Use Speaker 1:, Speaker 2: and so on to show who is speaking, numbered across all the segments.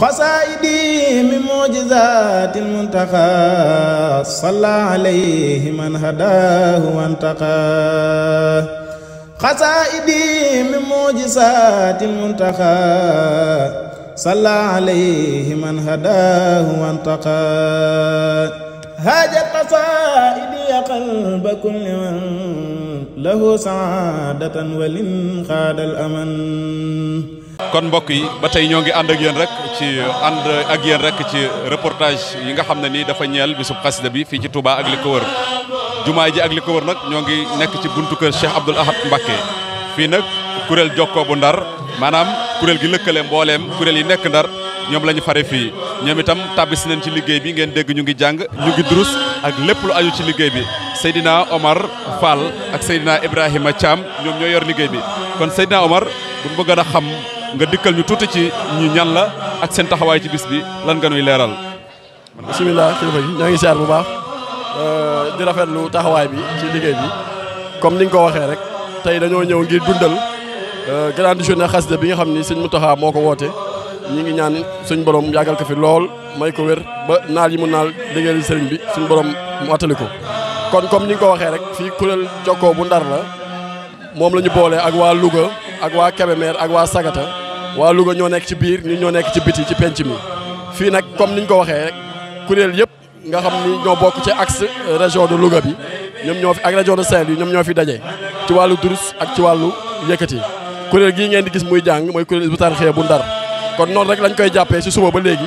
Speaker 1: xasaayidi min mujizati lmuntaqa salla alayhi man hadaahu wantaqa xasaayidi min mujizati lmuntaqa salla alayhi man hadaahu wantaqa haajat xasaayidi ya qalba kulli man lahu saadatan walin xaadal aman
Speaker 2: kon mbokk yi ba tey ñoo ngi ànd ak yéen rek ci ànd ak yéen rek ci reportage yi nga xam ne nii dafa ñeel bisub xasida bi fii ci Touba ak li ko wër jumaa ji ak li ko wër nag ñoo ngi nekk ci buntu kër Cheikh Abdoul Ahad Mbacké fii nag kuréel jokkoo bu ndar maanaam kuréel gi lëkkale mbooleem kuréel yi nekk ndar ñoom la ñu fare fii ñoom itam tabbis nañ ci liggéey bi ngeen dégg ñu ngi jàng ñu ngi durus ak lépp lu aju ci liggéey bi Seydina Omar Fall ak Seydina Ibrahima Thiam ñoom ñoo yor liggéey bi kon bëgg a xam nga dikkal ñu tuuti ci ñi ñan la ak seen taxawaay ci bis bi lan nga nuy leeral.
Speaker 3: bisimilah kilifa gi ñoo ngi siyaar bu baax euh, di rafetlu taxawaay bi ci liggéey bi comme ni nga ko waxee rek tey dañoo ñëw ngir dundal euh, grande journée xasida bi nga xam ni mu Mountakha moo ko woote. ñi ngi ñaan suñ borom yàggal ko fi lool may ko wér ba naar yi mu naal liggéeyal sëriñ bi suñ borom mu attali ko kon comme ni nga ko waxee rek fii kuréel jokkoo bu ndar la moom la ñu boole ak waa Louga ak waa Kébémer ak waa Sagata. waa Louga ñoo nekk ci biir ñun ñoo nekk ci biti ci penc mi fii nag comme niñ ko waxee rek kuréel yëpp nga xam ni ñoo bokk ci axe euh, région de Louga bi ñoom ñoo fi ak région de Saint-Louis ñoom ñoo fi daje ci wàllu durus ak ci wàllu yëkkati kuréel gii ngeen di gis muy jàng mooy kuréel bu tarxee bu ndar kon noonu rek lañ koy jàppee si suba ba léegi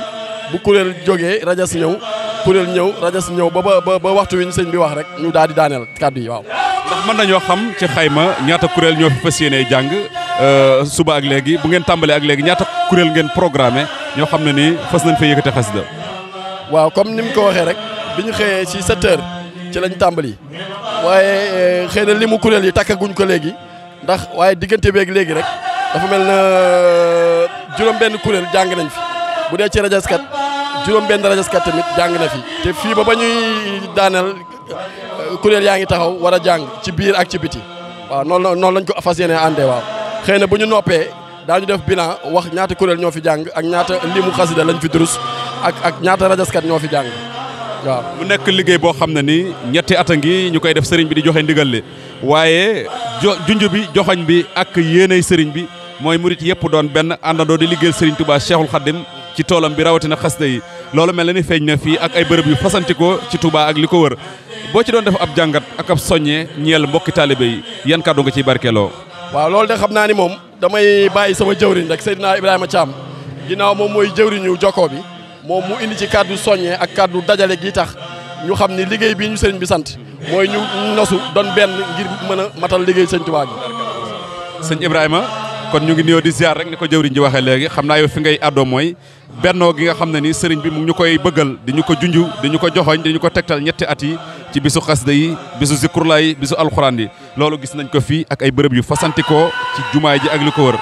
Speaker 3: bu kuréel jógee rajas ñëw kuréel ñëw rajas ñëw ba ba ba waxtu wi ñu sëñ bi wax rek ñu daal di daaneel kàddu yi waaw.
Speaker 2: ndax mën xam ci xayma ñaata kuréel ñoo fi fas yéenee jàng Euh, suba ak léegi bu ngeen tàmbalee ak léegi ñaata kuréel ngeen programme ñoo xam ne nii fas nañ fee yëkkate xasida
Speaker 3: waaw comme ni mu ko waxee rek bi ñu xëyee ci 7 heures ci lañ tàmbali waaye euh, xëy na limu kuréel yi takkaguñ ko léegi ndax waaye diggante beeg léegi rek dafa mel na euh, juróom benn kuréel jàng nañ fi bu dee ci rajaskat juróom benn rajaskat tamit jàng na fi te fii ba ba ñuy daaneel kuréel yaa ngi taxaw war a jàng ci biir ak ci biti waaw noonu la noonu lañ ko fas yéene àndee xëy na bu ñu noppee daañu def bilan wax ñaata kuréel ñoo fi jàng ak ñaata limu xasida lañ fi durus ak ak ñaata rajaskat ñoo fi jàng waaw. mu nekk liggéey boo xam ne ni
Speaker 2: ñetti at a ngi ñu koy def sëriñ bi di joxe ndigal waaye jo junj bi joxoñ bi ak yéenay sëriñ bi mooy murit yëpp doon benn àndandoo di liggéeyal sëriñ Touba Cheikhul Khadim ci toolam bi rawatina xasida yi loolu mel na ni feeñ na fii ak ay bërëb yu ko ci tubaa ak li ko wër boo ci doon def ab jàngat ak ab soññee ñeel mbokki taalibe yi yan kàddu nga ciy barkeeloo
Speaker 3: waaw loolu de xam naa ni moom damay bàyyi sama jëwriñ rek Seydina Ibrahima Thiam ginnaaw moom mooy jëwriñu jokkoo bi moom mu indi ci kàddu soññee ak kàddu dajale gi tax ñu xam ni liggéey bii ñu sëriñ bi sant mooy ñu nosu doon benn ngir mën a matal liggéey sëñ Tuubaa
Speaker 2: sëñ Ibrahima kon ñu ngi nuyoo di ziar rek ni ko jëwriñ ji waxee léegi xam naa yow fi ngay àddoo mooy bennoo gi nga xam ne ni sëriñ bi mu ñu koy bëggal di ñu ko junju di ñu ko joxoñ di ñu ko tegtal ñetti at yi ci bisu xasida yi bisu zikurla yi bisu alxuraan yi loolu gis nañ ko fii ak ay bërëb yu fasantikoo ci jumaay ji ak li ko wër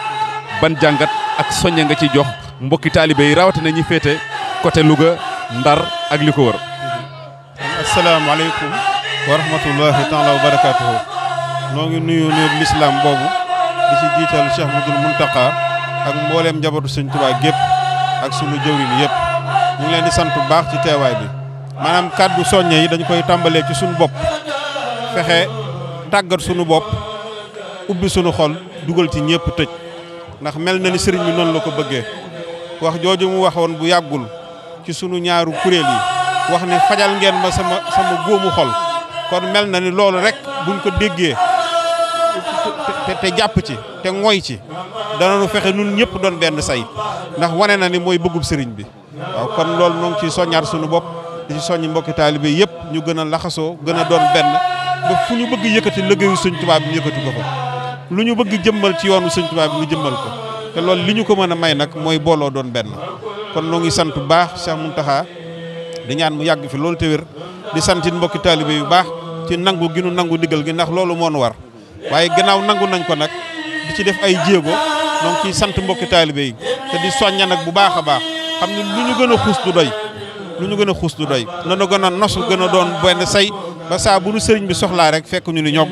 Speaker 2: ban jàngat ak soññe nga ciy jox mbokki taalibe yi rawatina ñi féete côté Louga Ndar ak li ko wër
Speaker 1: asalaamaaleykum wa rahmatullahi taala ngi nuyu lislaam boobu di si jiital Cheikh Mouhamadoul Mountakha ak mbooleem njabootu sëñ Tuubaa gépp ak sunu jëwriñ yëpp ñu ngi leen di sant bu baax ci teewaay bi maanaam kàddu soññe yi dañu koy tàmbalee ci sunu bopp fexe tàggat sunu bopp ubbi sunu xol dugal ci ñëpp tëj ndax mel na ni sëriñ bi noonu la ko bëggee wax jooju mu waxoon bu yàggul ci sunu ñaaru kuréel yi wax ne fajal ngeen ma sama sama góomu xol kon mel na ni loolu rek buñ ko déggee te jàpp ci te ngoy ci nu fexe nun ñëpp doon benn say ndax wane na ni mooy bëggub sëriñ bi waaw kon lool noo ngi ciy soññaat suñu bopp di ci soññ mbokki taalibe yëpp ñu gën a laxasoo gën a doon benn ba fu ñu bëgg yëkkati liggéeyu sëñ Tuubaa bi ñu yëkkati ko lu ñu bëgg jëmmal ci yoonu sëñ Tuubaa bi mu jëmmal ko te loolu li ñu ko mën a may nag mooy booloo doon benn kon noo ngi sant bu baax Cheikh Mountakha di ñaan mu yàgg fi loolu te di santit mbokki taalibe yu baax ci nangu gi nu nangu ndigal gi ndax loolu moo nu war waaye gannaaw nangu nañ ko nag di ci def ay jéego donc ciy sant mbokki taalibe yi te di soñña nag bu baax a baax xam ni lu ñu gën a xuus du doy lu ñu gën a xuus du doy nanu gën a doon benn say ba saabu bu nu sëriñ bi soxlaa rek fekk ni ñoom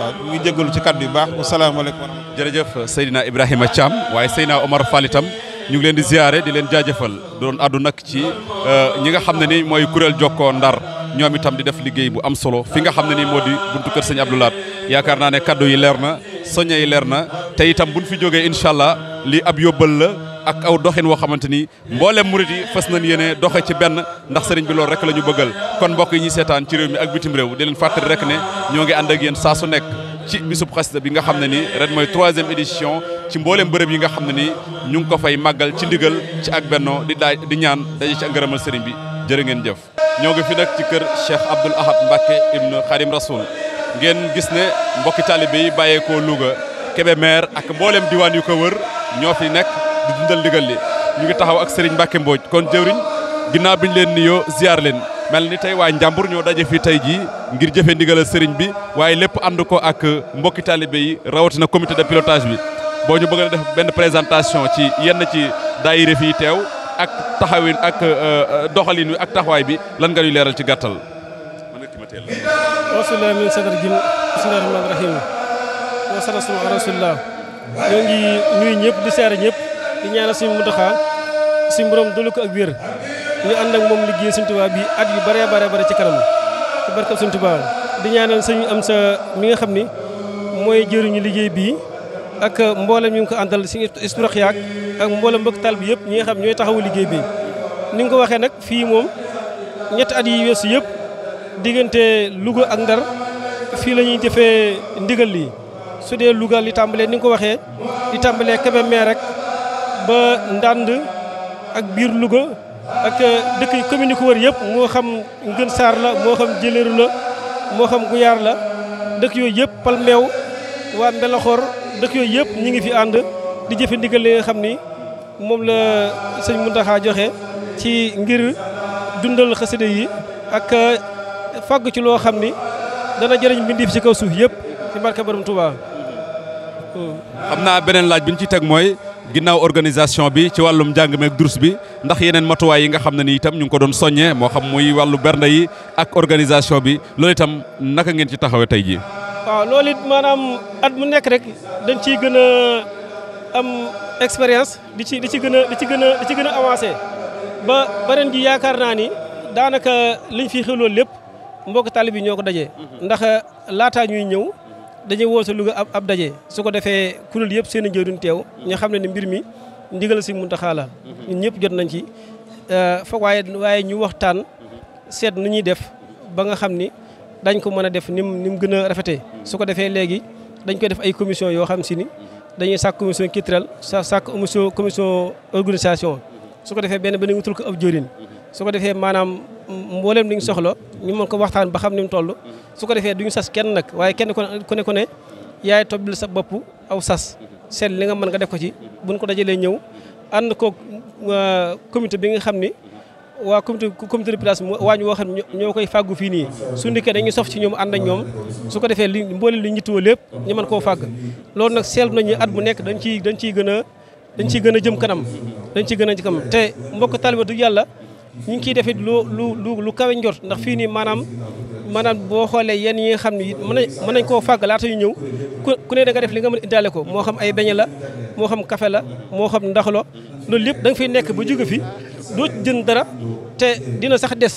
Speaker 1: waaw ñu ngi jégalu ci kàddu yu baax wasalaamaaleykum jërëjëf Seydina
Speaker 2: Ibrahima Thiam waaye Seydina Omar
Speaker 1: Fall ñu ngi leen di ziare di leen jaajëfal
Speaker 2: doon àddu nag ci euh, ñi nga xam ne ni mooy kuréel jokkoo ndar ñoom itam di def liggéey bu am solo fi nga xam ne nii moo di buntu kër sëñ Abdou Lahad yaakaar naa ne kaddu yi leer na soññe yi leer na te itam buñ fi jógee incha allah lii ab yóbbal la ak aw doxin woo xamante ni mboolem murit yi fas nañ yéene doxe ci benn ndax sëriñ bi loolu rek la ñu bëggal kon mbokk yi ñu seetaan ci réew mi ak bitim réew di leen fàttali rek ne ñoo ngi ànd ak yéen saa su nekk ci bisub xasida bi nga xam ne ni rek mooy troisième édition ci mboolem bërëb yi nga xam ne ni ñu ngi ko fay màggal ci ndigal ci ak benno di daaj di ñaan daje ci ngërëmal sëriñ bi jërë ngeen jëf. ñoo ngi fi nag ci kër Cheikh Abdoul Ahad Mbacke ibnu Xadim Rasoul ngeen gis ne mbokki taalibe yi bàyyeekoo Louga Kébémer ak mboolem diwaan yu ko wër ñoo fi nekk di dundal ndigal li ñu ngi taxaw ak Serigne Mbacke Mbodj kon jëwriñ ginnaaw biñ leen nuyoo ziar leen mel ni tey waa Njàmbur ñoo daje fii tey jii ngir jëfe ndigalal sëriñ bi waaye lépp ànd ko ak mbokki taalibe yi rawatina comité de pilotage bi boo ñu bëgg a def benn présentation ci yenn ci daayira fii teew. ak taxawin ak euh, euh, doxalin wi ak taxawaay bi lan nga ñuy leeral ci gàttal.
Speaker 4: bismilaahi min sadar jim bismilaahi rahmaani rahiim wa salaatu ala rasulillah ñoo ngi nuyu ñëpp di seere ñëpp di ñaanal suñu Muntaxa suñu borom dolu ko ak wér ñu ànd ak moom liggéey suñu Tuubaa bi at yu bare bare bare ci kanam ci barkab suñu Tuubaa di ñaanal suñu am sa mi nga xam ni mooy jëriñu liggéey bii ak mboolem ñu ngi ko àndal si isprox yaak ak mboolem mbokk taal bi yëpp ñi nga xam ñooy taxawu liggéey bi ni nga ko waxee nag fii moom ñetti at yi weesu yëpp diggante Louga ak Ndar fii lañuy ñuy jëfee ndigal lii su dee Louga li tàmbalee ni nga ko waxee li tàmbalee Kébémer rek ba ndànd ak biir Louga ak dëkk yi commune ko wër yëpp moo xam Ngën Saar la moo xam Jëleeru la moo xam Guyaar la dëkk yooyu yëpp Palmeew waa Mbelaxoor dëkk yooyu yëpp ñu ngi fi ànd di jëfe ndigal li xam ni moom la sëñ Muntaxa joxe ci ngir dundal xasida yi ak euh, fàgg ci loo xam ni dana jëriñ mbindeef ci kaw suuf yëpp ci barke Borom Touba.
Speaker 2: xam naa beneen laaj bi ñu ci teg mooy ginnaaw organisation bi ci wàllum njàng meeg durus bi ndax yeneen matuwaay yi nga xam ne ni itam ñu ngi ko doon soññee moo xam muy wàllu bernde yi ak organisation bi loolu itam naka ngeen ci taxawee tey jii.
Speaker 4: waaw loolu it maanaam at mu nekk rek dañ ciy gën a am expérience di ci di ci gën a di ci gën a ci gën a avancé ba bareen gi yaakaar naa ni daanaka lañ fi xew loolu lépp mbokk tali bi ñoo ko dajee. Mhm. ndax laataa ñuy ñëw. dañuy woote Louga ab ab daje su ko defee kuréel yëpp seen i teew ñu xam ne ne mbir mi ndigal si Muntaxa la mhm. ñun ñëpp jot nañ ci euh, foog waaye waaye ñu waxtaan mhm. seet nu ñuy def ba nga xam ni dañ ko mën a def ni mu ni mu gën a rafetee mhm. su ko defee léegi dañ koy def ay commission yoo xam si ni dañuy sàkk commission culturelle sa sàkk commission commission organisation su ko defee benn ba ñu wutul ko ab jëriñ su ko defee maanaam mboolem li ñu soxla ñu mën ko waxtaan ba xam ni mu toll su ko defee ñu sas kenn nag waaye kenn kone kone ku ne yaay tobbil sa bopp aw sas seet li nga mën nga def ko ci bu buñ ko dajalee ñëw ànd ko comité bi nga xam ni waa comité comité de place waa ñu woo xam ne ñoo koy fàggu fii nii su ndikkee dañuy sof ci ñoom ànd ak ñoom su ko defee li mboole li ñittuwoo lépp ñu mën koo fàgg loolu nag seetlu nañu at bu nekk dañ ciy dañ ciy gën a dañ ciy gën a jëm kanam dañ ciy gën a jëm kanam te mbokk taaliba yàlla ñu ngi ciy defit lu lu lu lu kawe ndax fii nii maanaam maanaam boo xoolee yenn yi nga xam ne mën nañ mën nañ koo fàgg laata ñu ñëw ku ne da nga def li nga mën indaale ko moo xam ay beñe la moo xam café la moo xam ndaxlo loolu lépp da fay nekk ba jóge fi doo jën dara te dina sax des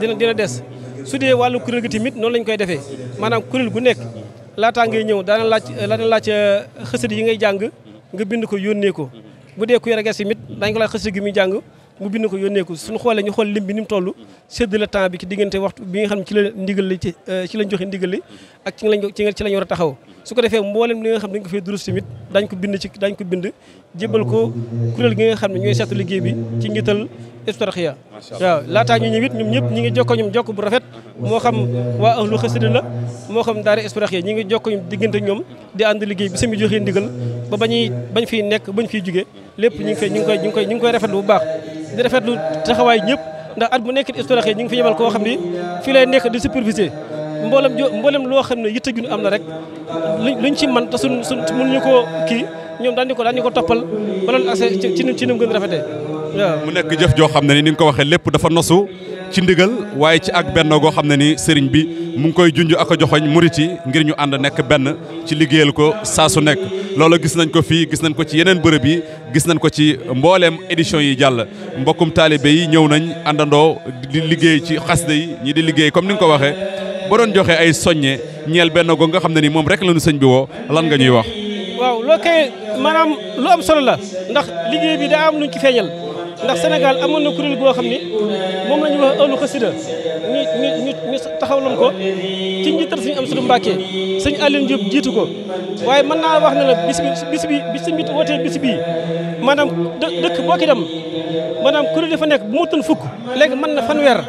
Speaker 4: dina dina des su dee wàllu kuréel gi tamit noonu lañu koy defee maanaam kuréel gu nekk laataa ngay ñëw daana laaj daana laaj euh, xasida yi ngay jàng nga bind ko yónnee ko bu dee ku yore ges tamit dañ ko laaj xasida gi muy jàng mu bind ko yónnee ko suñu xoolee ñu xool lim bi ni mu toll sédd la temps bi ci diggante waxtu bi nga xam ne ci la ndigal li ci euh, ci lañ ndigal li ak ci lañ ci lañ war a taxaw su ko defee mboolem li nga xam ne dañ ko fee durus tamit ko bind ci dañ gi nga xam ne ñooy seetu liggéey bi ci ngital Hizbut-Tarqiyyah waaw laataa ñu ñëw it ñoom ñëpp ñu ngi jokkoo ñoom jokk bu rafet moo xam waa ahlu xasida la xam daara Hizbut-Tarqiyyah ñi ngi jokkoo ñoom diggante ñoom di ànd liggéey bi sami joxee ndigal ba bañuy bañ fi nekk bañ fiy jugee lépp ñu ngi koy ñi ngi koy ñi ngi koy rafetlu bu baax di rafetlu taxawaay ñëpp ndax at bu nekk historique yi ñu ngi fi yebal koo xam ni fii lay nekk di superviser mboolem jo mboolem loo xam ne yitte ju ñu am na rek luñ ci man te suñ suñ mënuñu koo kii ñoom daan di ko daan ñu ko toppal ba doon accès ci ci nu mu gën rafetee
Speaker 2: waaw. mu nekk jëf joo xam ne ni nga ko waxee lépp dafa nosu ci ndigal waaye ci ak benn goo xam ne ni sëriñ bi mu ngi koy junj ak a joxoñ murit ngir ñu ànd nekk benn ci liggéeyal ko saa su nekk loolu gis nañ ko fii gis nañ ko ci yeneen bërëb yi gis nañ ko ci mbooleem édition yi jàll mbokkum taalibe yi ñëw nañ àndandoo di liggéey ci xasida yi ñi di liggéey comme ni nga ko waxee ba doon joxe ay soññe ñeel benn goo nga xam ne ni moom rek lañu sëñ bi woo lan nga ñuy wax
Speaker 4: waaw loo kay maanaam lu am solo la ndax ci feeñal ndax Sénégal amoon na kuréel goo xam ni moom la ñu wax ëllu xasida ñu taxawloon ko ci njiital suñu am suñu Mbàkke suñu Alioune Diop jiitu ko waaye mën naa wax na la bis bi bis bi bis wootee bis bii maanaam dëkk boo ki dem maanaam kuréel dafa nekk bu mutoon fukk léegi mën na fanweer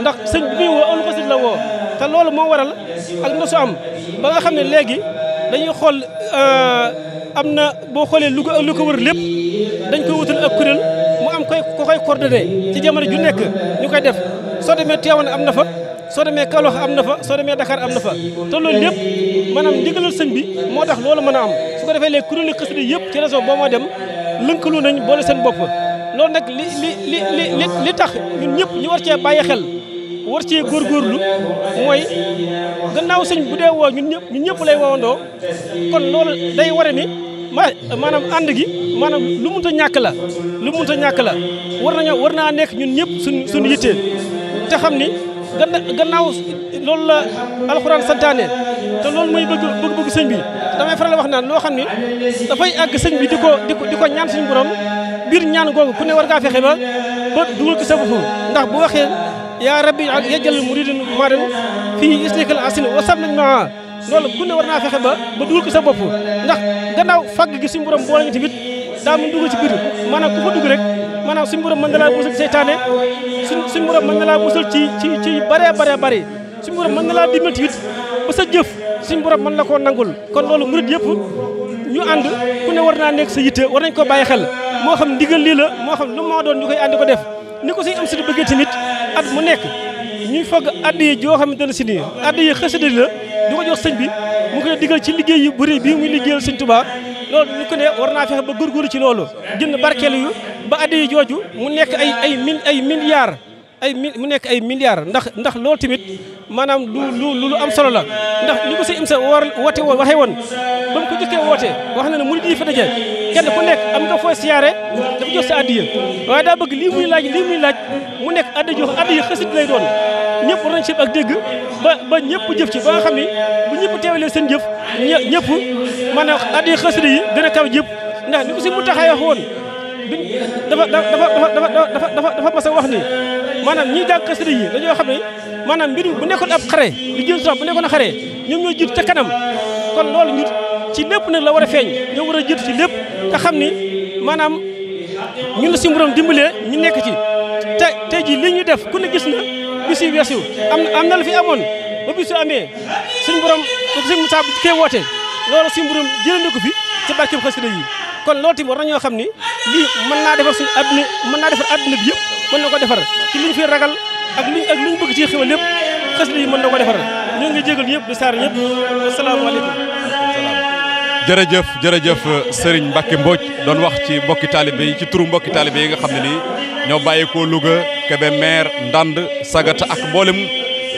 Speaker 4: ndax sëñ bi woo ëllu xasida woo te loolu moo waral ak na su am ba nga xam ne léegi dañuy xool euh, am na boo xoolee lu ko lu wër lépp dañ ko wutal ak kuréel koy ku koy coordonné ci jamono ju nekk ñu koy def soo demee Tivaouane am na fa soo demee Kaolack am na fa soo demee Dakar am na fa te loolu lépp maanaam ndigalal sëñ bi moo tax loolu mën a am su ko defee léegi kuréelu xasida yëpp ci réseau boo moo dem lënkalu nañ boole seen bopp loolu nag li li li li li tax ñun ñëpp ñu war cee bàyyi xel war cee góor góorgóorlu mooy gannaaw sëñ bu dee woo ñun ñëpp ñun ñëpp lay woowandoo kon loolu day ware ni ma maanaam ànd gi maanaam lu mënta ñàkk la lu mënta ñàkk la war nañoo war naa nekk ñun ñëpp suñ suñu yittee te xam ni gannaaw loolu la alxuraan santaane te loolu mooy bëgg bëgg bëgg sëñ bi damay faral wax naan loo xam ni dafay àgg sëñ bi di ko di ko ñaan suñu borom biir ñaan googu ku ne war ngaa fexe ba ba dugal ko sa bopp ndax bu waxee yaa rabbi ak yajal muridin maadam fii istikal asin wa sam nañ maa loolu ku ne war naa fexe ba ba dugal ko sa bopp ndax gannaaw fàgg gi daa mu dugg ci biir maanaam ku fa rek maanaam suñu borom mën na laa ci ci ci bare bare bare suñu borom mën na laa dimbali suñ ba sa jëf mën na koo nangul kon loolu murit yëpp ñu ànd ku ne war naa nekk sa yitte war nañ ko bàyyi xel moo xam ndigal lii la moo xam lu moo doon ñu koy ànd ko def ni ko suñu am si bëggee tamit at mu nekk ñuy fogg addi yi joo xamante ne si nii addi yi xasida la di ko jox sëñ bi mu koy digal ci liggéey yu bëri bii muy liggéeyal sëñ Tuubaa loolu ñu ko ne war naa fexe ba góorgóorlu ci loolu jënd barkeelu yu ba addi jooju mu nekk ay ay min ay milliards ay mi mu nekk ay milliards ndax ndax loolu tamit maanaam lu lu lu am solo la ndax li ko sëñ Amsa woor woote woon waxee woon ba mu ko jëkkee woote wax na ne murid yi fa daje kenn ku nekk am nga fooy siyaare dafa jox sa addiya waaye daa bëgg lii muy laaj lii muy laaj mu nekk addiya jox addiya xësit lay doon ñëpp war nañ ci ak dégg ba ba ñëpp jëf ci ba nga xam ni bu ñëpp teewalee seen jëf ñëpp maanaam addiya xësit yi gën a kaw jëpp ndax li ko si mu taxawee woon dafa dafa dafa dafa dafa dafa mas a wax ni maanaam ñi jàng xasida yi dañoo xam ne maanaam mbir bu nekkoon ab xare li jëm sama bu nekkoon xare ñoom ñoo jiitu ca kanam kon loolu ñu ci lépp nag la war a feeñ ñoo war a jiitu ci lépp te xam ni maanaam ñun la si borom dimbalee ñu nekk ci te tey jii li def ku ne gis na bis yi weesu am am na la fi amoon ba bisu amee suñu borom suñ Moussa bu kee woote loolu suñu borom jëlandi ko fi ci barkeb xasida yi kon loolu tamit war nañoo xam ni lii mën naa defar suñu adduna mën naa defar adduna bi mën na ko defar ci liñ fi ragal ak liñ ak liñ bëgg ci xewal lépp xës lii mën na ko defar ñoo ngi jégal ñëpp di saar ñëpp asalaamaaleykum
Speaker 2: jërëjëf jërëjëf Serigne Mbacke Mbodj doon wax ci mbokki taalibe yi ci turu mbokki taalibe yi nga xam ne nii ñoo bàyyeekoo Louga Kébémer Ndande Sagata ak mboolem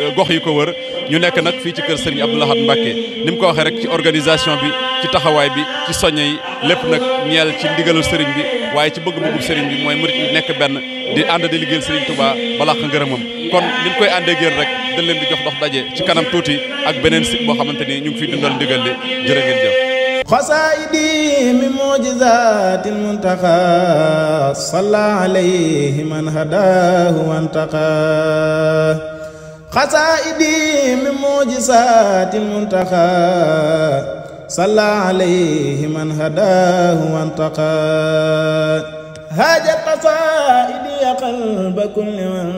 Speaker 2: euh, gox yi ko wër ñu nekk nag fii ci kër Serigne Abdou Lahad Mbacké ni mu ko waxee rek ci organisation bi ci taxawaay bi ci soññe yi lépp nag ñeel ci ndigalu sëriñ bi waaye ci bëgg-bëggu Serigne bi mooy murit nekk benn di ànd di liggéeyal Serigne Touba balaa xa ngërëmam kon ni ñu koy àndee géen rek dañ leen di jox dox daje ci kanam tuuti ak beneen site boo xamante ni ñu ngi fiy dundal ndigal li jërë ngeen jëf
Speaker 1: xasaayidi min mujizaatil muntaqa salla alayhi man hadaahu wantaqa xasaa'idi min mu'jizaatil muntaxaa salla alayhi man hadaahu wantaqaa haajat qasaa'idi qalba kulli man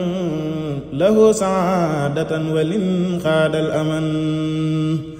Speaker 1: lahu saadatan walin xaadal aman